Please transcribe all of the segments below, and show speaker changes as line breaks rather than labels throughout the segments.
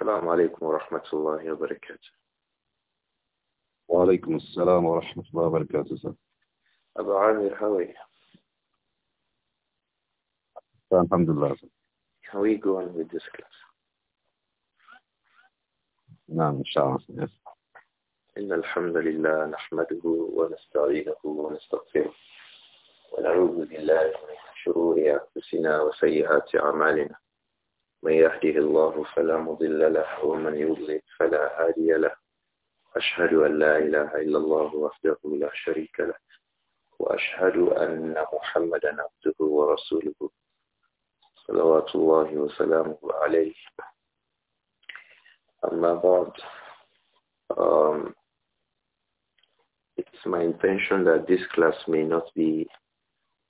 السلام عليكم ورحمة الله وبركاته وعليكم السلام ورحمة الله وبركاته سر.
أبو عامر هوي
الحمد لله sir.
How are you going with this class? نعم إن شاء الله إن الحمد لله نحمده ونستعينه ونستغفره ونعوذ بالله من شرور أنفسنا وسيئات أعمالنا من يهده الله فلا مضل له ومن يضلل فلا هادي له أشهد أن لا إله إلا الله وحده لا شريك له وأشهد أن محمدا عبده ورسوله صلوات الله وسلامه عليه أما بعد um, it's my intention that this class may not be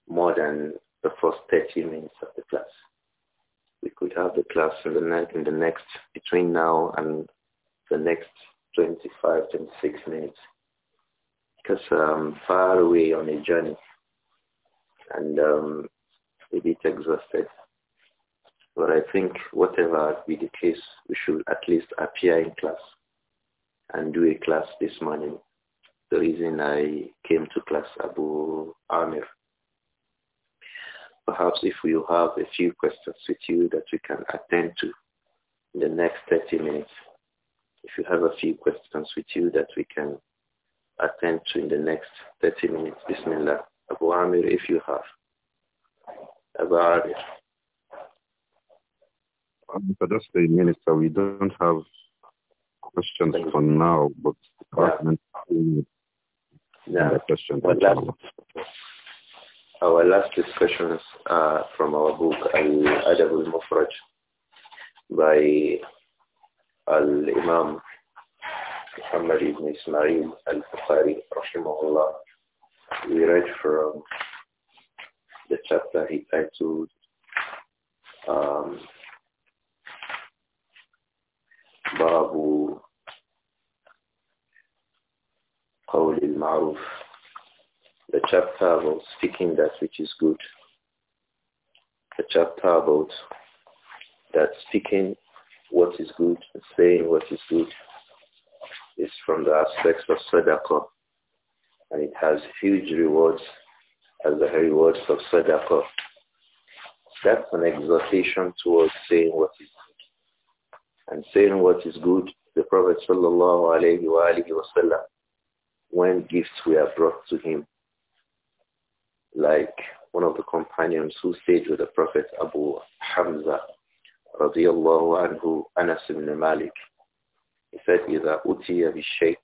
more than the first 30 minutes of the class. have the class in the next, in the next between now and the next 25, 26 minutes because I'm um, far away on a journey and um, a bit exhausted. But I think whatever be the case, we should at least appear in class and do a class this morning. The reason I came to class, Abu Amir, perhaps if we have a few questions with you that we can attend to in the next 30 minutes. If you have a few questions with you that we can attend to in the next 30 minutes, Bismillah. Abu Amir, if you have. Abu Amir.
For this day, Minister, we don't have questions for now, but
department yeah. yeah. question. Our last discussions are from our book Al-Adab al-Mufraj by Al-Imam Muhammad ibn Ismail al-Bukhari rahimahullah. We read from the chapter he titled um, Babu Al المعروف the chapter about speaking that which is good. The chapter about that speaking what is good saying what is good is from the aspects of sadaqah. And it has huge rewards as the rewards of sadaqah. That's an exhortation towards saying what is good. And saying what is good, the Prophet sallallahu alayhi wa alayhi wa sallam, when gifts were brought to him, like one of the companions who stayed with the Prophet Abu Hamza radiallahu anhu, Anas ibn Malik. He said, إِذَا أُتِيَ بِالشَّيْءٍ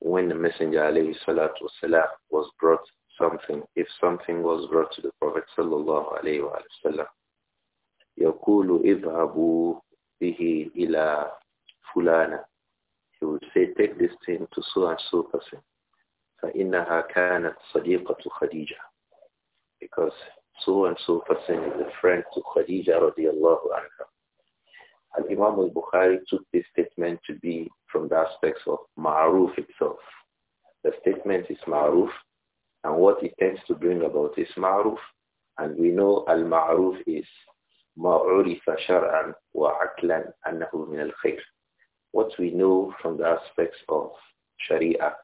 When the Messenger alayhi salatu wasalam was brought something, if something was brought to the Prophet sallallahu alayhi wa sallam, يَقُولُ اِذْهَبُوا بِهِ إِلَى فُلَانَ He would say, take this thing to so and so person. فَإِنَّهَا كَانَتْ صَدِيقَةُ خَدِيجَةُ Because so and so person is a friend to Khadija radiallahu anha. And Imam al-Bukhari took this statement to be from the aspects of ma'ruf itself. The statement is ma'ruf and what it tends to bring about is ma'ruf. And we know al-ma'ruf is ma'urif shar'an wa aklan annahu min al-khair. What we know from the aspects of sharia,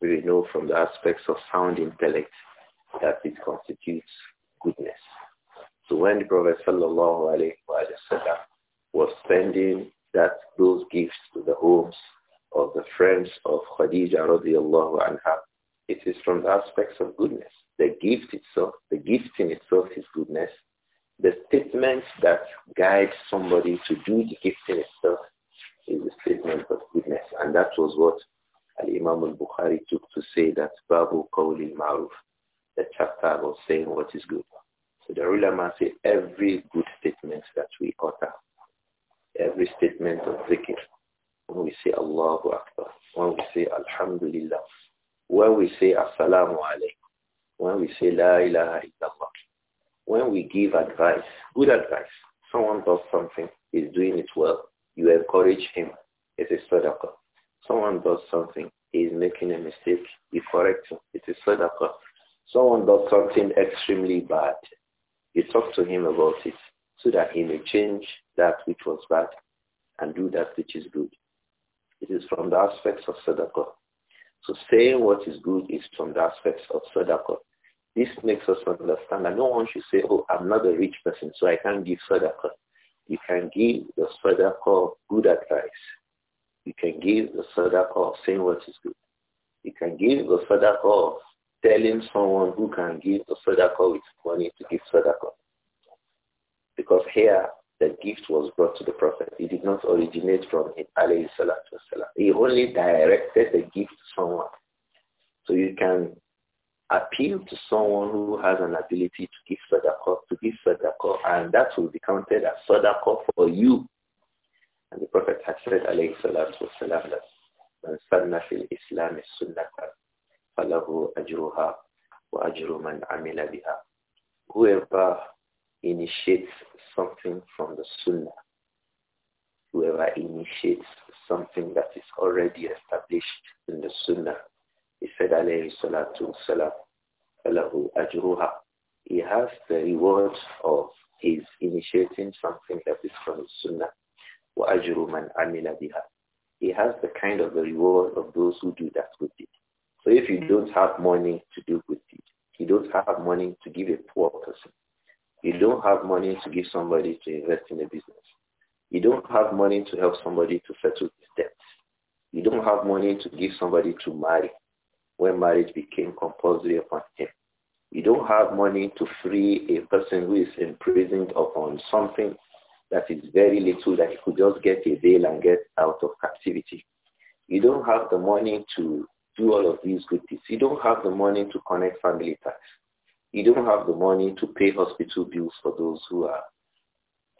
we know from the aspects of sound intellect that it constitutes goodness. So when the Prophet was sending that those gifts to the homes of the friends of Khadija radiallahu anha, it is from the aspects of goodness. The gift itself, the gift in itself is goodness. The statement that guides somebody to do the gift in itself is a statement of goodness. And that was what Al-Imam al-Bukhari took to say that Babu Qawli Ma'ruf, the chapter about saying what is good. So the ulama say every good statement that we utter, every statement of zikr, when we say Allahu Akbar, when we say Alhamdulillah, when we say Assalamu Alaikum, when we say La ilaha illallah, when we give advice, good advice, someone does something, is doing it well, you encourage him, it's a sadaqah. Someone does something, he is making a mistake, you correct him. It is sadaqah. Someone does something extremely bad, you talk to him about it so that he may change that which was bad and do that which is good. It is from the aspects of sadaqah. So saying what is good is from the aspects of sadaqah. This makes us understand that no one should say, oh, I'm not a rich person, so I can't give sadaqah. You can give the sadaqah good advice, you can give the sadaqah of saying what is good. You can give the sadaqah of telling someone who can give the sadaqah with money to give sadaqah. Because here, the gift was brought to the Prophet. It did not originate from him, alayhi salatu wasalam. He only directed the gift to someone. So you can appeal to someone who has an ability to give sadaqah, to give sadaqah, and that will be counted as sadaqah for you. And the Prophet had said, alayhi salatu wasalam, that من سن في الإسلام السنة فله أجرها وأجر من عمل بها. Whoever initiates something from the Sunnah, whoever initiates something that is already established in the Sunnah, he said, alayhi salatu wasalam, فله أجرها. He has the reward of his initiating something that is from the Sunnah. وَأَجْرُ مَنْ عَمِلَ بِهَا He has the kind of the reward of those who do that good deed. So if you mm. don't have money to do good deed, you don't have money to give a poor person, you don't have money to give somebody to invest in a business, you don't have money to help somebody to settle his debts, you don't have money to give somebody to marry when marriage became compulsory upon him. You don't have money to free a person who is imprisoned upon something that is very little that you could just get a veil and get out of captivity. You don't have the money to do all of these good things. You don't have the money to connect family tax. You don't have the money to pay hospital bills for those who are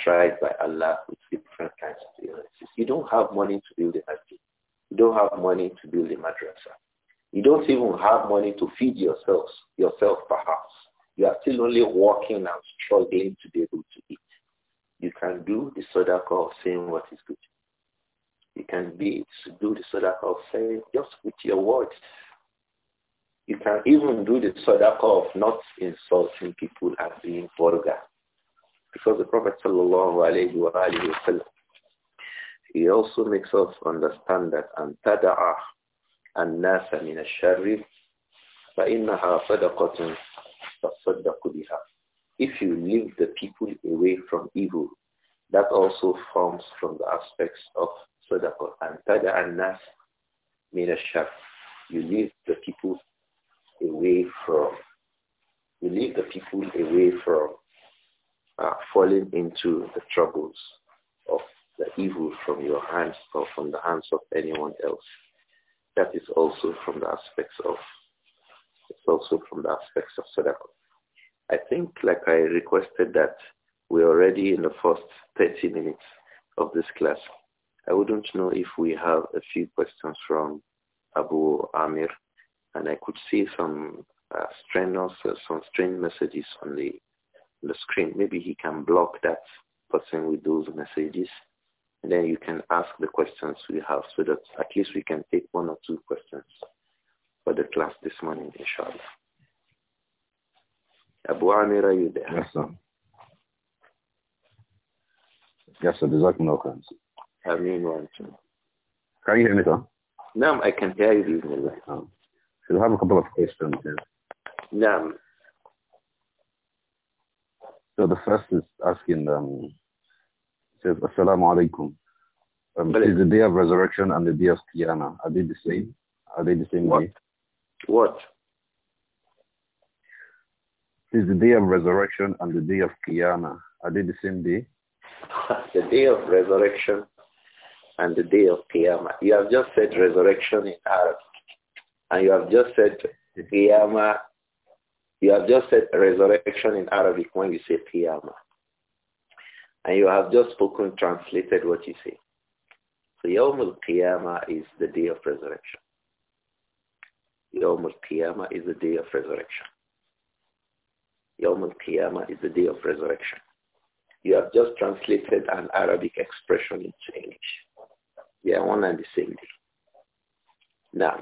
tried by Allah with different kinds of illnesses. You don't have money to build a masjid. You don't have money to build a madrasa. You don't even have money to feed yourselves, yourself perhaps. You are still only working and struggling to be able to eat. You can do the sadaqah of saying what is good. You can be to do the sadaqah of saying just with your words. You can even do the sadaqah of not insulting people and being vulgar. Because the Prophet sallallahu alayhi wa he also makes us understand that and tada'a الناس من الشر فإنها صدقة تصدق بها if you lead the people away from evil, that also forms from the aspects of sadaqah. And tada an-nas min You lead the people away from, you lead the people away from uh, falling into the troubles of the evil from your hands or from the hands of anyone else. That is also from the aspects of, it's also from the aspects of sadaqah. I think like I requested that we're already in the first 30 minutes of this class. I wouldn't know if we have a few questions from Abu Amir, and I could see some uh, uh, some strange messages on the on the screen. Maybe he can block that person with those messages, and then you can ask the questions we have, so that at least we can take one or two questions for the class this morning, inshallah. Abu Amir, are you there? Yes, sir. Yes,
sir. Jazakumullah khairan. Ameen wa Can you hear me, sir?
No, I can hear you, Bismillah. Um,
so we have a couple of questions here. No. So the first is asking, um, says, Assalamu alaikum. Um, is the day of resurrection and the day of Qiyamah, are they the same? Are they the same what? day? What? It is is the day of resurrection and the day of Qiyamah. Are they the same day?
the day of resurrection and the day of Qiyamah. You have just said resurrection in Arab. And you have just said Qiyamah. You have just said resurrection in Arabic when you say Qiyamah. And you have just spoken, translated what you say. So Yawm al-Qiyamah is the day of resurrection. Yawm al-Qiyamah is the day of resurrection. Yawm al-Qiyamah is the day of resurrection. You have just translated an Arabic expression into English. They are one and the same day. Now.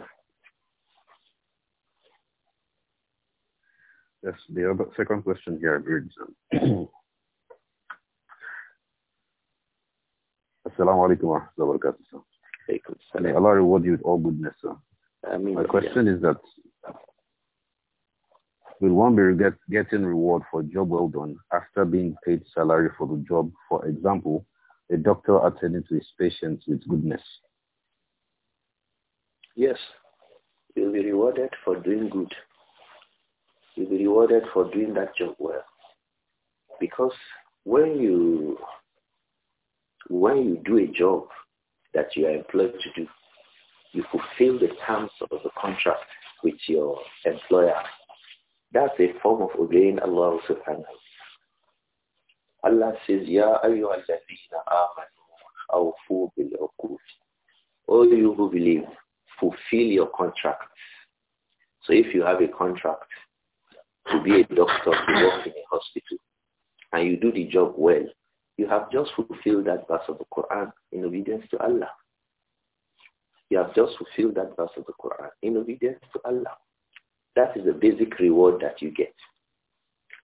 Yes, the
other, second question here reads, Assalamu alaikum wa rahmatullahi wa barakatuh. May Allah reward you with all goodness, sir. I mean, My question yeah. is that Will one be get, getting reward for job well done after being paid salary for the job? For example, a doctor attending to his patients with goodness.
Yes, you'll be rewarded for doing good. You'll be rewarded for doing that job well. Because when you when you do a job that you are employed to do, you fulfill the terms of the contract with your employer that's a form of obeying Allah subhanahu. Allah says, Ya ayyuhalladhina amanu awfu bil uqud. All oh, you who believe, fulfill your contracts. So if you have a contract to be a doctor, to work in a hospital, and you do the job well, you have just fulfilled that verse of the Quran in obedience to Allah. You have just fulfilled that verse of the Quran in obedience to Allah. That is the basic reward that you get.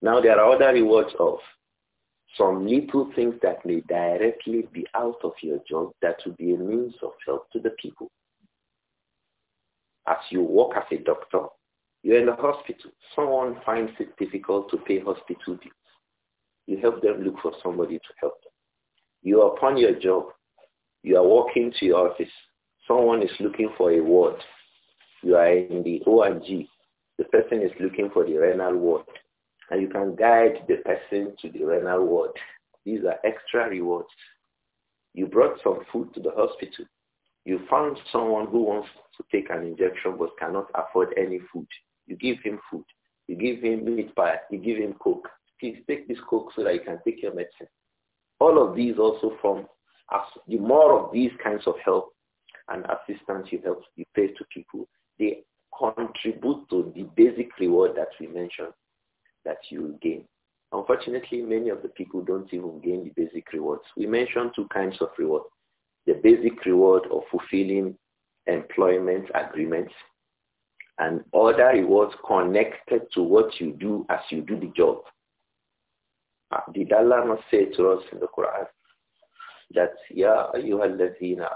Now there are other rewards of some little things that may directly be out of your job that will be a means of help to the people. As you work as a doctor, you're in the hospital. Someone finds it difficult to pay hospital bills. You help them look for somebody to help them. You are upon your job. You are walking to your office. Someone is looking for a ward. You are in the ORG. The person is looking for the renal ward. And you can guide the person to the renal ward. These are extra rewards. You brought some food to the hospital. You found someone who wants to take an injection but cannot afford any food. You give him food. You give him meat pie. You give him coke. Please take this coke so that you can take your medicine. All of these also from the more of these kinds of help and assistance you help you pay to people, they contribute to the basic reward that we mentioned that you will gain. Unfortunately, many of the people don't even gain the basic rewards. We mentioned two kinds of reward. The basic reward of fulfilling employment agreements and other rewards connected to what you do as you do the job. Uh, did Allah not say to us in the Quran that, Ya ayyuhal ladhina,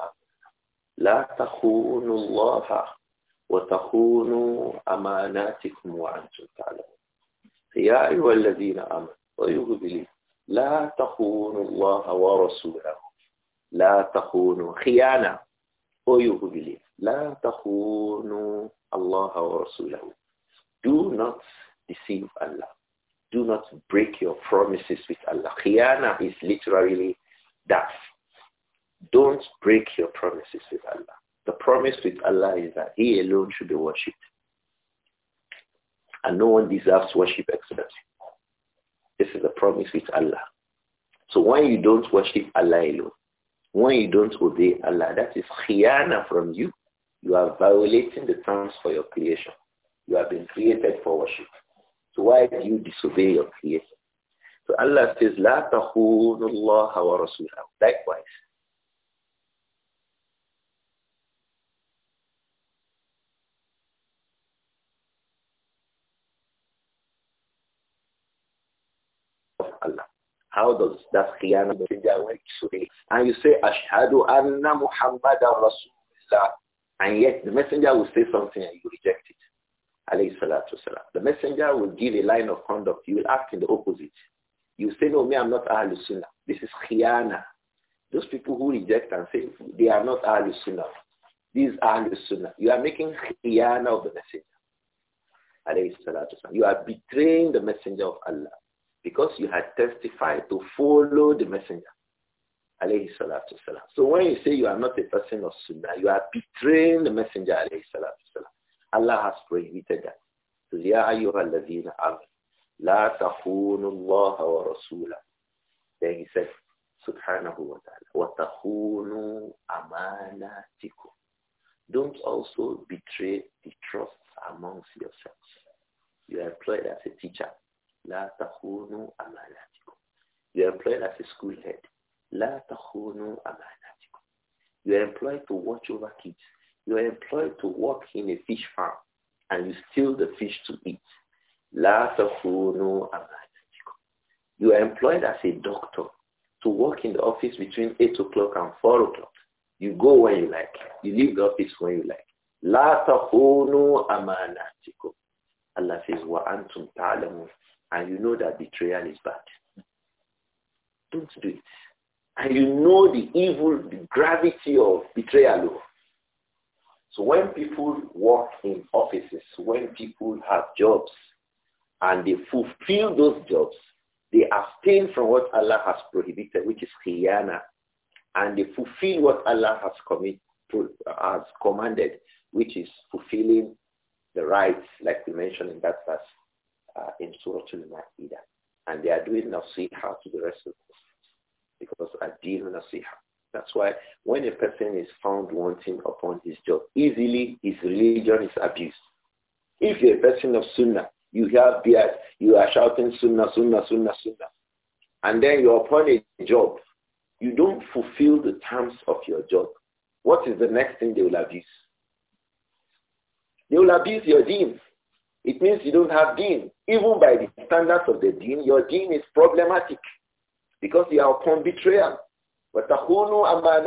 la takhunu Allah وتخونوا أماناتكم وأنتم تعلمون يا أيها الذين آمنوا ويوه بلي لا تخونوا الله ورسوله لا تخونوا خيانة ويوه بلي لا تخونوا الله ورسوله Do not deceive Allah. Do not break your promises with Allah. Khiyana is literally that. Don't break your promises with Allah. The promise with Allah is that He alone should be worshipped. And no one deserves worship except Him. This is the promise with Allah. So when you don't worship Allah alone, when you don't obey Allah, that is khiyana from you. You are violating the terms for your creation. You have been created for worship. So why do you disobey your creator? So Allah says, لا تخونوا الله ورسوله. Likewise, How does that khiyana messenger went today? And you say, Ashhadu anna Muhammadan Rasulullah. And yet the messenger will say something and you reject it. The messenger will give a line of conduct. You will act in the opposite. You say, no, me, I'm not Ahlul Sunnah. This is khiyana. Those people who reject and say they are not Ahlul Sunnah. These are Ahlul Sunnah. You are making khiyana of the messenger. You are betraying the messenger of Allah because you had testified to follow the messenger. Alayhi salatu salam. So when you say you are not a person of sunnah, you are betraying the messenger. Alayhi salatu salam. Allah has prohibited that. So, يا أيها الذين آمنوا Then he said, subhanahu wa ta'ala, ta'khunu amanatikum." أَمَانَاتِكُمْ Don't also betray the trust amongst yourselves. You are employed as a teacher La amanatikum. You're employed as a school head. La amanatikum. You're employed to watch over kids. You're employed to work in a fish farm and you steal the fish to eat. La amanatikum. You are employed as a doctor to work in the office between 8 o'clock and 4 o'clock. You go when you like. You leave the office when you like. La takhunu amanatikum. Allah says, wa antum ta'lamun and you know that betrayal is bad. Don't do it. And you know the evil, the gravity of betrayal. So when people work in offices, when people have jobs, and they fulfill those jobs, they abstain from what Allah has prohibited, which is khiyana, and they fulfill what Allah has, commit, has commanded, which is fulfilling the rights, like we mentioned in that verse, uh, in Surah Al-Ma'idah. And they are doing nasiha to the rest of us because I adil nasiha. That's why when a person is found wanting upon his job, easily his religion is abused. If you're a person of sunnah, you have beard, you are shouting sunnah, sunnah, sunnah, sunnah. And then you're upon a job. You don't fulfill the terms of your job. What is the next thing they will abuse? They will abuse your deeds. It means you don't have deen. Even by the standards of the deen, your deen is problematic because you are upon betrayal. وَتَخُونُوا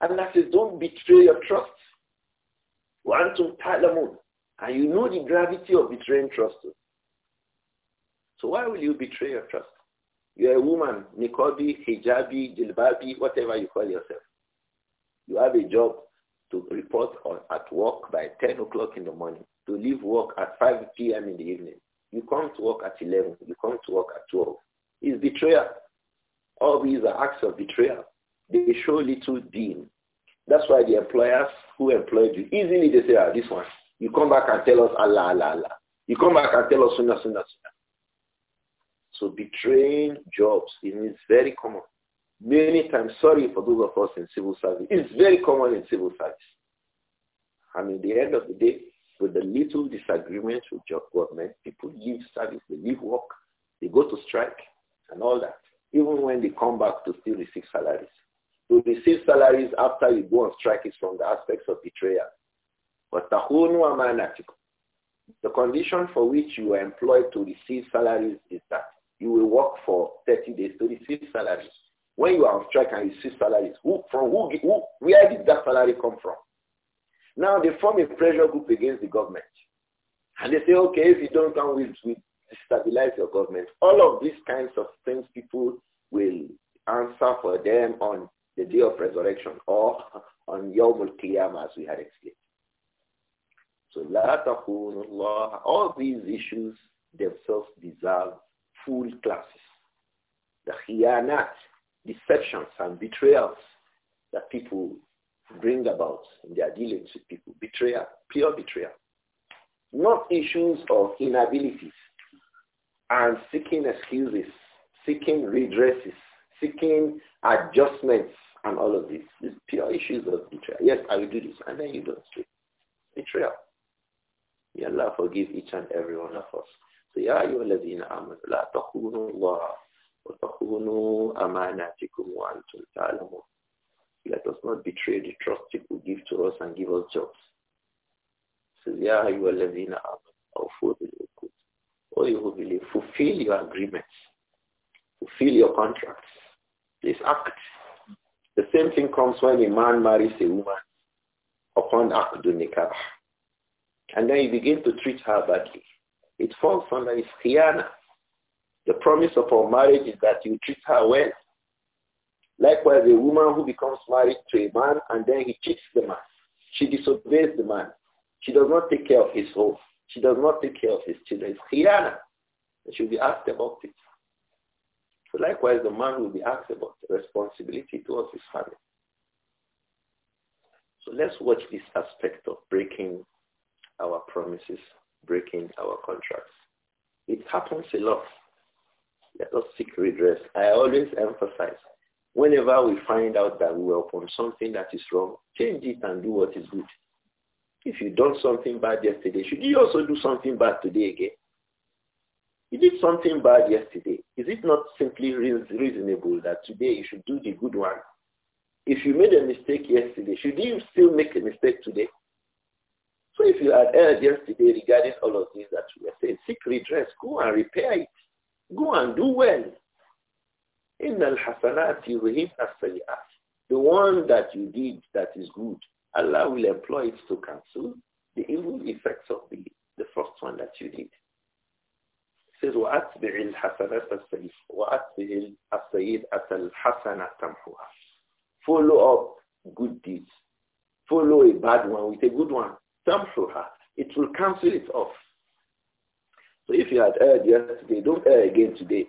And Allah says, don't betray your trust. وَأَنْتُمْ تَعْلَمُونَ And you know the gravity of betraying trust. So why will you betray your trust? You're a woman, nikobi, hijabi, jilbabi, whatever you call yourself. You have a job to report on at work by 10 o'clock in the morning to leave work at 5 p.m. in the evening. You come to work at 11. You come to work at 12. It's betrayal. All these are acts of betrayal. They show little deem. That's why the employers who employed you, easily they say, ah, this one, you come back and tell us Allah, Allah, Allah. You come back and tell us Sunnah, Sunnah, Sunnah. So betraying jobs is very common. Many times, sorry for those of us in civil service, it's very common in civil service. I mean, the end of the day, with the little disagreements with your government, people leave service, they leave work, they go to strike and all that, even when they come back to still receive salaries. To receive salaries after you go on strike is from the aspects of betrayal. But the condition for which you are employed to receive salaries is that you will work for 30 days to receive salaries. When you are on strike and you receive salaries, who, from who, who, where did that salary come from? Now they form a pressure group against the government. And they say, okay, if you don't come, we'll, we destabilize your government. All of these kinds of things people will answer for them on the day of resurrection or on Yom al as we had explained. So all these issues themselves deserve full classes. The khiyanat, deceptions and betrayals that people bring about in their dealings with people. Betrayal, pure betrayal. Not issues of inabilities and seeking excuses, seeking redresses, seeking adjustments and all of this. These pure issues of betrayal. Yes, I will do this. And then you don't do it. Betrayal. May Allah forgive each and every one of us. So, يا أيها الذين آمنوا Allah, wa الله amanatikum wa وأنتم تعلمون let us not betray the trust people give to us and give us jobs. Says, you will believe, fulfill your agreements. Fulfill your contracts. This act. The same thing comes when a man marries a woman upon Akdu Nikah. And then he begins to treat her badly. It falls under his khiyana. The promise of our marriage is that you treat her well. Likewise, a woman who becomes married to a man and then he cheats the man. She disobeys the man. She does not take care of his home. She does not take care of his children. It's khiyana. And she'll be asked about it. So likewise, the man will be asked about responsibility towards his family. So let's watch this aspect of breaking our promises, breaking our contracts. It happens a lot. Let us seek redress. I always emphasize Whenever we find out that we were upon something that is wrong, change it and do what is good. If you done something bad yesterday, should you also do something bad today again? You did something bad yesterday. Is it not simply reasonable that today you should do the good one? If you made a mistake yesterday, should you still make a mistake today? So if you had erred yesterday regarding all of these that we are saying, seek redress, go and repair it. Go and do well. إِنَّ الْحَسَنَاتِ يُذْهِبْنَ السَّيِّئَاتِ The one that you did that is good, Allah will employ it to cancel the evil effects of the, the first one that you did. says, وَأَتْبِعِ الْحَسَنَةَ السَّيِّئَةَ وَأَتْبِعِ السَّيِّئَةَ الْحَسَنَةَ تَمْحُوهَا Follow up good deeds. Follow a bad one with a good one. تَمْحُوهَا It will cancel it off. So if you had erred yesterday, don't err again today.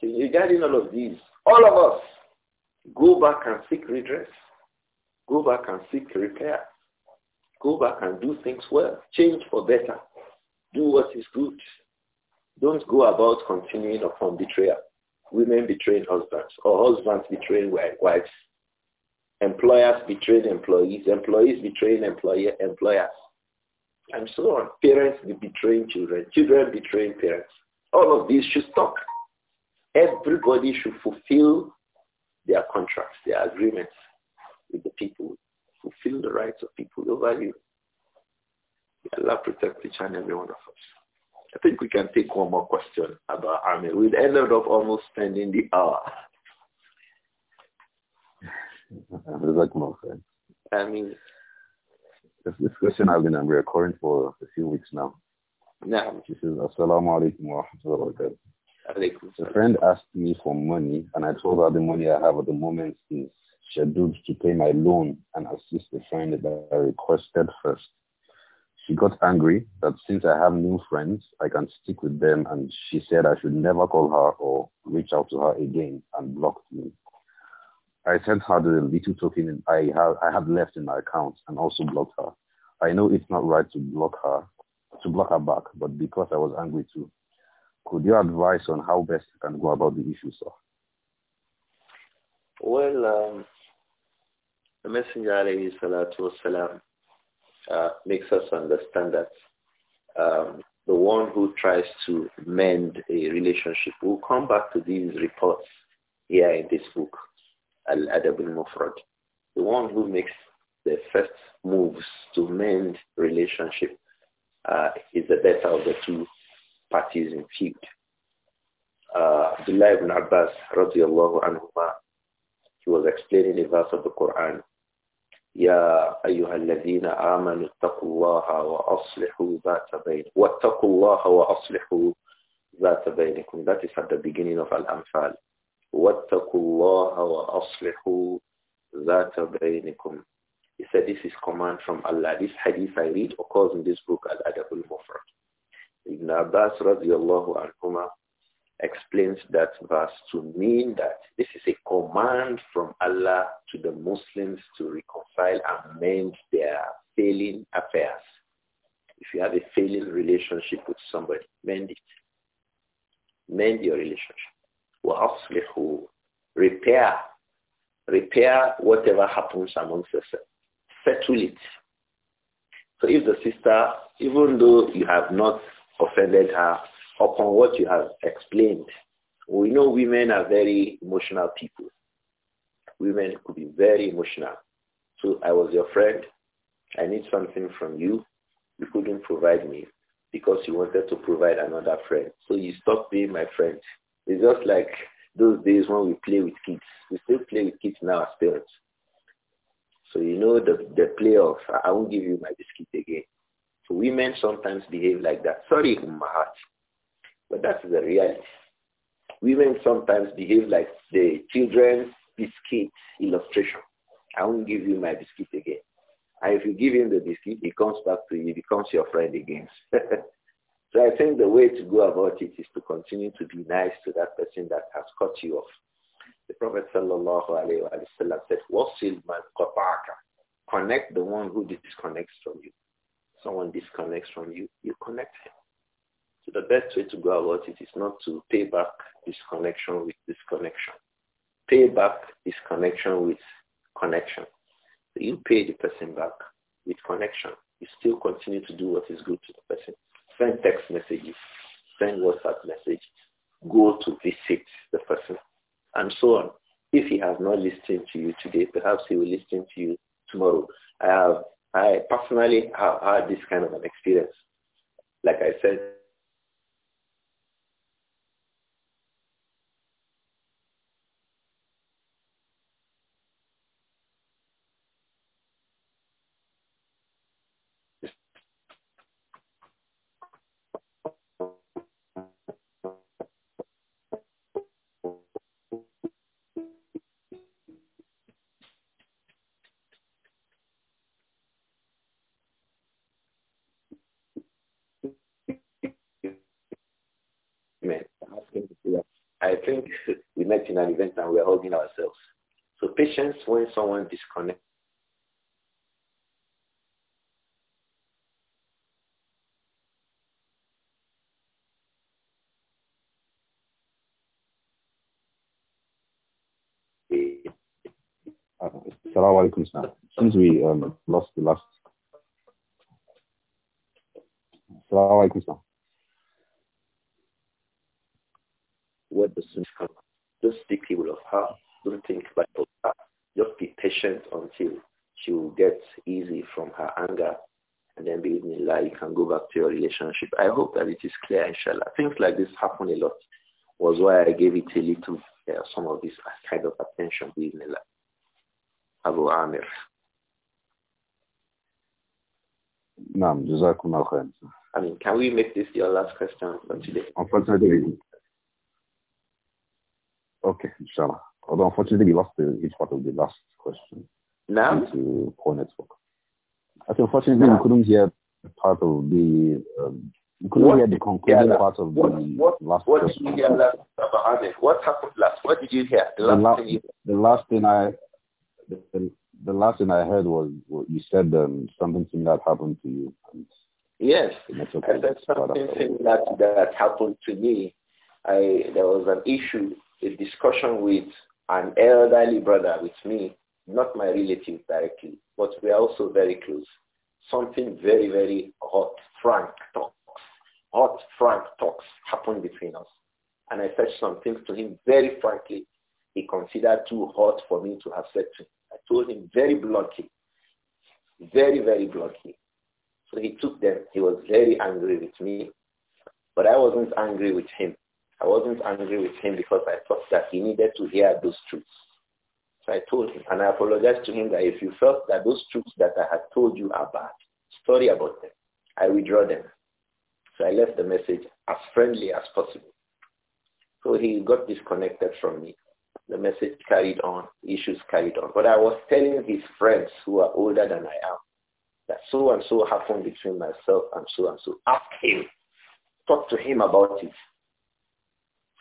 So regarding all of these, all of us, go back and seek redress. Go back and seek repair. Go back and do things well. Change for better. Do what is good. Don't go about continuing upon betrayal. Women betraying husbands or husbands betraying wives. Employers betraying employees. Employees betraying employer, employers. And so on. Parents betraying children. Children betraying parents. All of these should stop. Everybody should fulfill their contracts, their agreements with the people, fulfill the rights of people over you. May Allah protect each and every one of us. I think we can take one more question about Amir. We ended up almost spending the hour. I mean,
this, this question I've been recording for a few weeks now. Now, She says, Assalamu alaikum wa rahmatullahi wa barakatuh. A friend asked me for money, and I told her the money I have at the moment is scheduled to pay my loan and assist the friend that I requested first. She got angry that since I have new friends, I can stick with them, and she said I should never call her or reach out to her again and blocked me. I sent her the little token I have I had left in my account and also blocked her. I know it's not right to block her to block her back, but because I was angry too, could you advise on how best you can go about the issue, sir?
Well, um, the Messenger alayhi salatu wasalam, uh, makes us understand that um, the one who tries to mend a relationship will come back to these reports here in this book, Al-Adab al-Mufrad. The one who makes the first moves to mend relationship uh, is the better of the two parties in feud. Uh, Abdullah ibn Abbas, radiallahu anhuma, he was explaining the verse of the Quran. يا أيها الذين آمنوا اتقوا الله وأصلحوا ذات بينكم واتقوا الله وأصلحوا ذات بينكم That is at the beginning of Al-Anfal. واتقوا الله وأصلحوا ذات بينكم He said this is command from Allah. This hadith I read occurs in this book Al-Adab al-Mufrad. Ibn Abbas radiallahu anhuma explains that verse to mean that this is a command from Allah to the Muslims to reconcile and mend their failing affairs. If you have a failing relationship with somebody, mend it. Mend your relationship. وَأَصْلِحُوا Repair. Repair whatever happens amongst yourselves. Settle it. So if the sister, even though you have not offended her upon what you have explained. We know women are very emotional people. Women could be very emotional. So I was your friend. I need something from you. You couldn't provide me because you wanted to provide another friend. So you stopped being my friend. It's just like those days when we play with kids. We still play with kids now as parents. So you know the, the play of, I won't give you my biscuit again women sometimes behave like that. Sorry, Mahat, But that's the reality. Women sometimes behave like the children's biscuit illustration. I won't give you my biscuit again. And if you give him the biscuit, he comes back to you, he becomes your friend again. so I think the way to go about it is to continue to be nice to that person that has cut you off. The Prophet sallallahu alayhi wa said, Wasil man qata'aka. Connect the one who disconnects from you someone disconnects from you, you connect him. So the best way to go about it is not to pay back disconnection with disconnection. Pay back disconnection with connection. So you pay the person back with connection. You still continue to do what is good to the person. Send text messages, send WhatsApp messages, go to visit the person, and so on. If he has not listened to you today, perhaps he will listen to you tomorrow. I have I personally have had this kind of an experience. Like I said, an event and we're holding ourselves. So patience when someone disconnects
Salaam alaikum. Since we um, lost the last.
Salaam alaikum. What the sunnah? Just speak evil of her. Don't think bad of her. Just be patient until she will get easy from her anger. And then be in lie, you can go back to your relationship. I hope that it is clear, inshallah. Things like this happen a lot. Was why I gave it a little, uh, some of this kind of attention, Like Abu Amir.
Naam, Jazakum
I mean, can we make this your last question for today?
Unfortunately, Okay, inshallah. Although unfortunately we lost the each part of the last question. No. To poor network. I think unfortunately we couldn't hear part of the um, we couldn't what hear the concluding part of what, the what, last what question. Did you hear
last, what happened last? What did you hear? The last,
the last thing you the last thing I the, the, the last thing I heard was you said um, something similar happened to you. And,
Yes, okay. I something similar that happened to me. I there was an issue a discussion with an elderly brother with me, not my relative directly, but we are also very close. Something very, very hot, frank talks, hot, frank talks happened between us. And I said some things to him very frankly. He considered too hot for me to have said to him. I told him very bluntly, very, very bluntly. So he took them. He was very angry with me, but I wasn't angry with him. I wasn't angry with him because I thought that he needed to hear those truths. So I told him, and I apologized to him that if you felt that those truths that I had told you are bad, sorry about them. I withdraw them. So I left the message as friendly as possible. So he got disconnected from me. The message carried on, issues carried on. But I was telling his friends who are older than I am that so and so happened between myself and so and so. Ask him. Talk to him about it.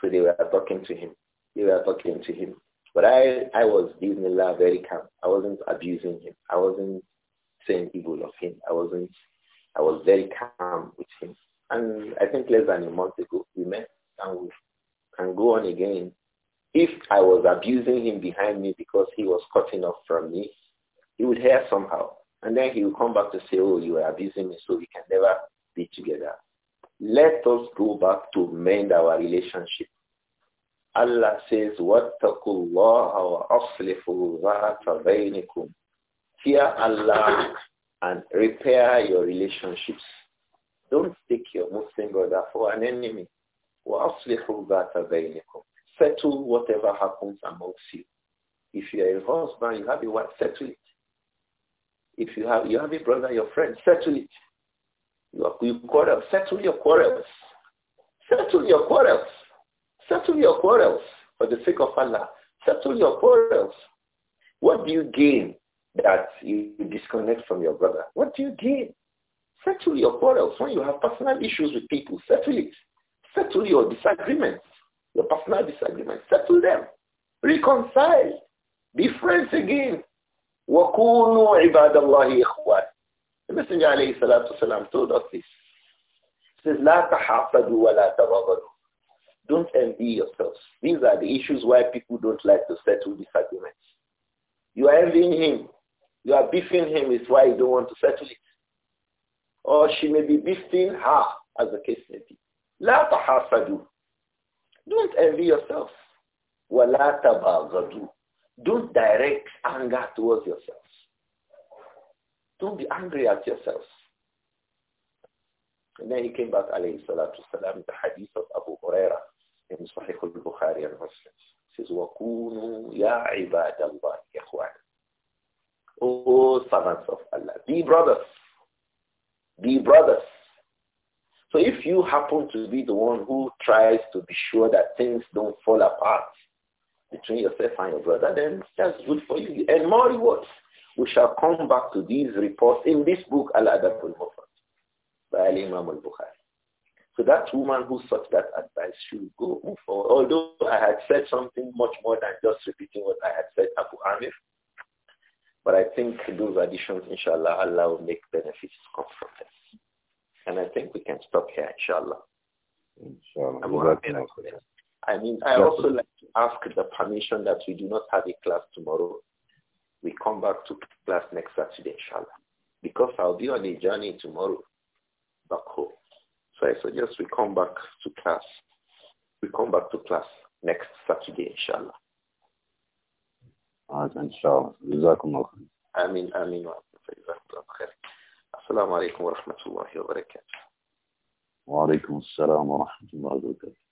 So they were talking to him. They were talking to him. But I, I was, Bismillah, very calm. I wasn't abusing him. I wasn't saying evil of him. I wasn't, I was very calm with him. And I think less than a month ago, we met and we can go on again. If I was abusing him behind me because he was cutting off from me, he would hear somehow. And then he would come back to say, oh, you are abusing me, so we can never be together. Let us go back to mend our relationship. Allah says, وَاتَّقُوا اللَّهَ وَأَصْلِحُوا ذَاتَ بَيْنِكُمْ Fear Allah and repair your relationships. Don't take your Muslim brother for an enemy. وَأَصْلِحُوا ذَاتَ بَيْنِكُمْ Settle whatever happens amongst you. If you are a husband, you have a wife, settle it. If you have, you have a brother, your friend, settle it. You, you quarrels. Settle your quarrels. Settle your quarrels. Settle your quarrels for the sake of Allah. Settle your quarrels. What do you gain that you disconnect from your brother? What do you gain? Settle your quarrels. When you have personal issues with people, settle it. Settle your disagreements, your personal disagreements. Settle them. Reconcile. Be friends again. وَكُونُوا عِبَادَ اللَّهِ the Messenger alayhi salatu salam told us this. He says, La tahafadu wa la Don't envy yourselves. These are the issues why people don't like to settle disagreements. You are envying him. You are beefing him is why you don't want to settle it. Or she may be beefing her, as the case may be. La tahafadu. Don't envy yourself. Wa la Don't direct anger towards yourself. Don't be angry at yourselves. And then he came back, alayhi salatu salam, the hadith of Abu Huraira in Sahih al-Bukhari and Muslim. He says, وَكُونُوا يَا عِبَادَ اللَّهِ يَخْوَانَ Oh, servants of Allah, be brothers. Be brothers. So if you happen to be the one who tries to be sure that things don't fall apart between yourself and your brother, then that's good for you. and more rewards. We shall come back to these reports in this book, Al-Adab al-Mufrad, by Imam al-Bukhari. So that woman who sought that advice should go move forward. Although I had said something much more than just repeating what I had said, Abu Amir, but I think those additions, inshallah, Allah will make benefits come from this. And I think we can stop here, inshallah. inshallah. I mean, I also like to ask the permission that we do not have a class tomorrow we come back to class next Saturday, inshallah. Because I'll be on a journey tomorrow back home. So I suggest we come back to class. We come back to class next Saturday, inshallah. Awesome, inshallah. Jazakumullah. Amin, amin. Jazakumullah khair. Assalamu alaikum wa rahmatullahi wa barakatuh.
وعليكم السلام ورحمة الله وبركاته